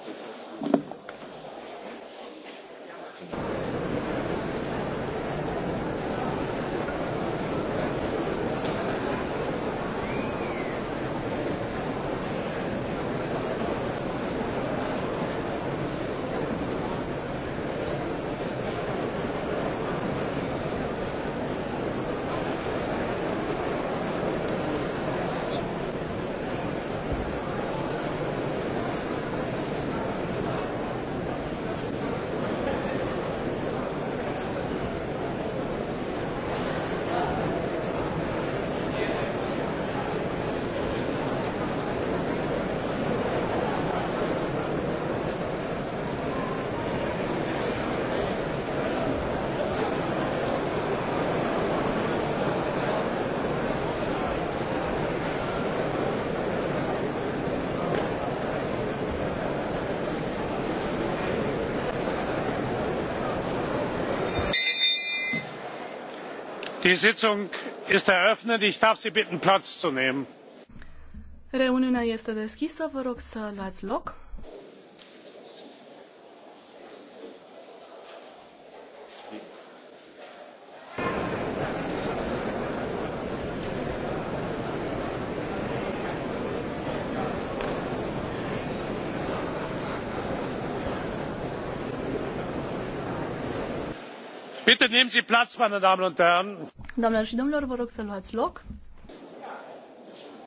Thank you. die sitzung ist eröffnet ich darf sie bitten platz zu nehmen. reuniunea este deschisă vă rog să luați loc. bitte doamnelor și domnilor vă rog să luați loc.